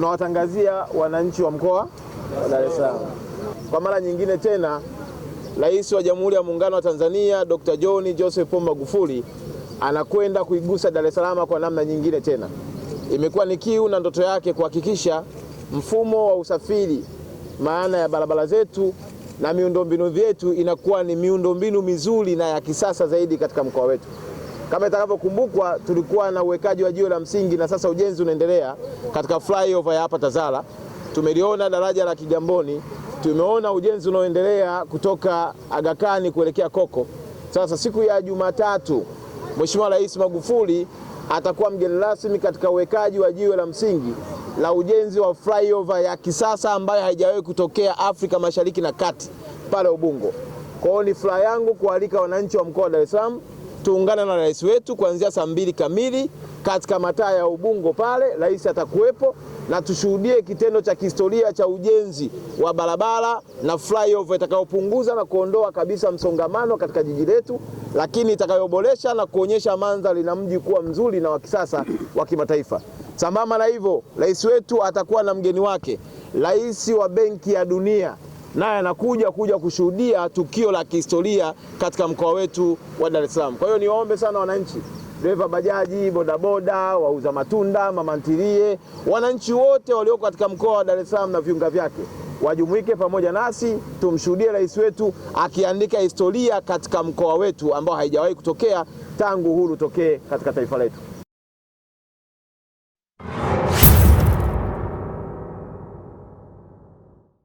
Tunawatangazia wananchi wa mkoa wa Dar es Salaam kwa mara nyingine tena, Rais wa Jamhuri ya Muungano wa Tanzania Dr. John Joseph Pombe Magufuli anakwenda kuigusa Dar es Salaam kwa namna nyingine tena. Imekuwa ni kiu na ndoto yake kuhakikisha mfumo wa usafiri, maana ya barabara zetu na miundombinu yetu, inakuwa ni miundombinu mizuri na ya kisasa zaidi katika mkoa wetu. Kama itakavyokumbukwa, tulikuwa na uwekaji wa jiwe la msingi na sasa ujenzi unaendelea katika flyover ya hapa Tazara. Tumeliona daraja la Kigamboni, tumeona ujenzi unaoendelea kutoka agakani kuelekea Koko. Sasa siku ya Jumatatu Mheshimiwa Rais Magufuli atakuwa mgeni rasmi katika uwekaji wa jiwe la msingi la ujenzi wa flyover ya kisasa ambayo haijawahi kutokea Afrika Mashariki na Kati pale Ubungo. Kwa hiyo ni furaha yangu kualika wananchi wa mkoa wa Dar es Salaam tuungana na rais wetu kuanzia saa mbili kamili katika mataa ya Ubungo pale, rais atakuwepo na tushuhudie kitendo cha kihistoria cha ujenzi wa barabara na flyover itakayopunguza na kuondoa kabisa msongamano katika jiji letu, lakini itakayoboresha na kuonyesha mandhari na mji kuwa mzuri na wa kisasa wa kimataifa. Sambamba na hivyo, rais wetu atakuwa na mgeni wake, rais wa Benki ya Dunia naye anakuja kuja kushuhudia tukio la kihistoria katika mkoa wetu wa Dar es Salaam. Kwa hiyo niwaombe sana wananchi, dereva bajaji, bodaboda, wauza matunda, mama wananchi wote walioko katika mkoa wa Dar es Salaam na viunga vyake wajumuike pamoja nasi tumshuhudie rais wetu akiandika historia katika mkoa wetu ambao haijawahi kutokea tangu uhuru tokee katika taifa letu.